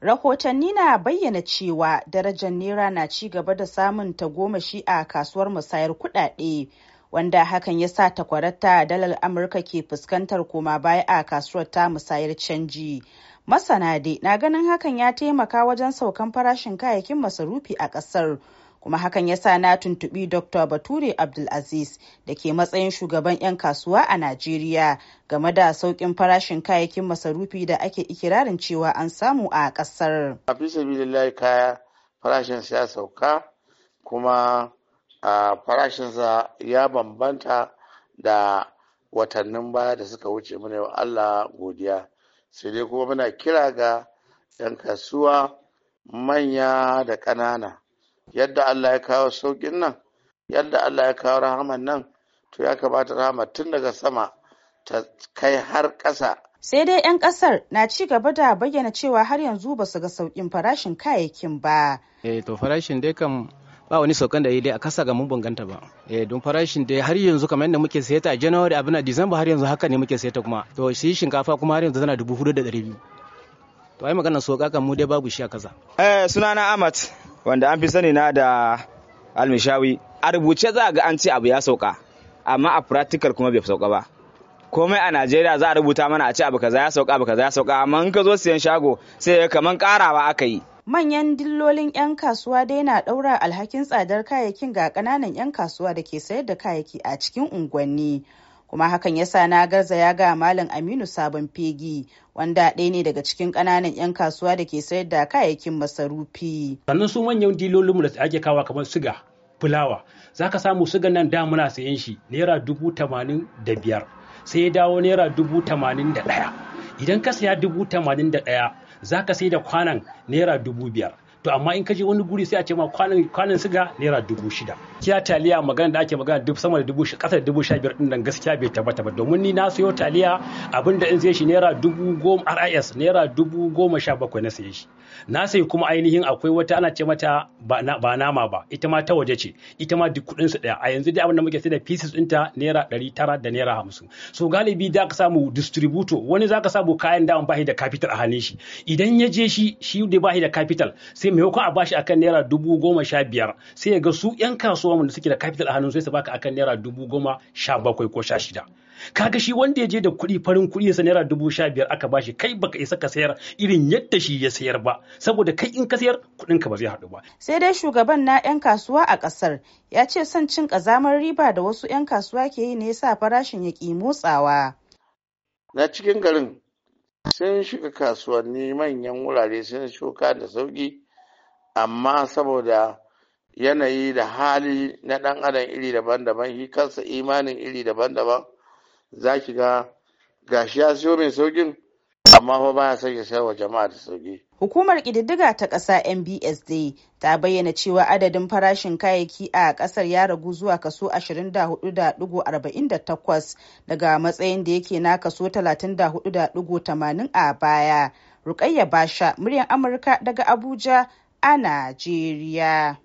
Rahotanni na bayyana cewa darajar nera na ci gaba da samun tagomashi a kasuwar musayar kuɗaɗe, wanda hakan ya sa takwarata dalar Amurka ke fuskantar koma baya a kasuwar ta musayar canji. Masana dai na ganin hakan ya taimaka wajen saukan farashin kayayyakin masarufi a ƙasar. kuma hakan ya sa na tuntubi dr bature abdulaziz da ke matsayin shugaban 'yan kasuwa a najeriya game da sauƙin farashin kayayyakin masarufi da ake ikirarin cewa an samu a ƙasar. a fi kaya farashin ya sauka kuma farashinsa ya bambanta da watannin baya da suka wuce mana yau Allah godiya sai dai kuma muna kira ga 'yan kasuwa manya da ƙanana yadda Allah ya kawo sauƙin nan yadda Allah ya kawo rahaman nan to ya kamata rahama tun daga sama ta kai har ƙasa sai dai 'yan kasar na ci gaba da bayyana cewa har yanzu ba su ga sauƙin farashin kayayyakin ba. Eh to farashin dai kan ba wani saukan da yi dai a kasa ga mun banganta ba. Eh don farashin dai har yanzu kamar yadda muke sayata a January abin na December har yanzu haka ne muke sayata kuma. To shi shinkafa kuma har yanzu tana dubu hudu da ɗari biyu. To ai magana sauka kan mu dai babu shi a kasa. Eh sunana Amat. wanda an fi sani na da almishawi a rubuce za a ga an ce abu ya sauka amma a practical kuma bai sauka ba komai a Najeriya za a rubuta mana a ce abu kaza ya sauka abu kaza ya sauka amma in ka zo siyan shago sai kaman karawa aka yi manyan dillolin 'yan kasuwa dai na ɗaura alhakin tsadar kayayyakin ga ƙananan 'yan kasuwa da ke sayar da kayayyaki a cikin unguwanni kuma hakan ya sa na garza ya ga malam aminu sabon fegi wanda ɗaya ne daga cikin ƙananan 'yan kasuwa da ke sayar da kayayyakin masarufi sannan su manyan dilolinmu da ake kawa kamar siga fulawa za ka samu sigan nan da muna sayan shi naira dubu tamanin da biyar sai ya dawo naira dubu tamanin da ɗaya idan ka saya dubu tamanin da ɗaya za ka sai da kwanan naira dubu biyar to amma in ka je wani guri sai a ce ma kwanan kwanan siga naira dubu shida kiya taliya magana da ake magana duk sama da dubu da dubu sha biyar din nan gaskiya bai tabbata ba domin ni na sayo taliya abinda in sai shi naira dubu goma RIS naira dubu goma sha bakwai na saye shi na sayi kuma ainihin akwai wata ana ce mata ba nama ba ita ma ta waje ce ita ma duk kuɗin su daya a yanzu dai abinda muke sai da pieces dinta naira ɗari tara da naira hamsin so galibi da ka samu distributor wani za ka samu kayan da ba da capital a hannun shi idan ya je shi shi da ba da capital sai maimakon a bashi akan naira dubu goma sha biyar sai ya ga su 'yan kasuwa da suke da capital a hannun sai su baka akan naira dubu goma sha bakwai ko sha shida kaga shi wanda ya je da kuɗi farin kuɗi sa naira dubu sha biyar aka bashi kai baka isa ka sayar irin yadda shi ya sayar ba saboda kai in ka sayar kuɗin ka ba zai haɗu ba sai dai shugaban na 'yan kasuwa a ƙasar ya ce son cin ƙazamar riba da wasu 'yan kasuwa ke yi ne yasa farashin ya ƙi motsawa na cikin garin sun shiga kasuwanni manyan wurare sun shuka da sauki amma saboda yanayi da hali na ɗan adam iri daban-daban shi kansa imanin iri daban-daban za ki ga gashi ya siyo mai saukin amma fa baya son ya sayarwa jama'a da sauki. Hukumar ƙididdiga ta ƙasa MBS dai ta bayyana cewa adadin farashin kayayyaki a ƙasar ya ragu zuwa kaso 24.48 daga matsayin da yake na kaso 34.80 a baya. Rukayya Basha, muryar Amurka daga Abuja, a na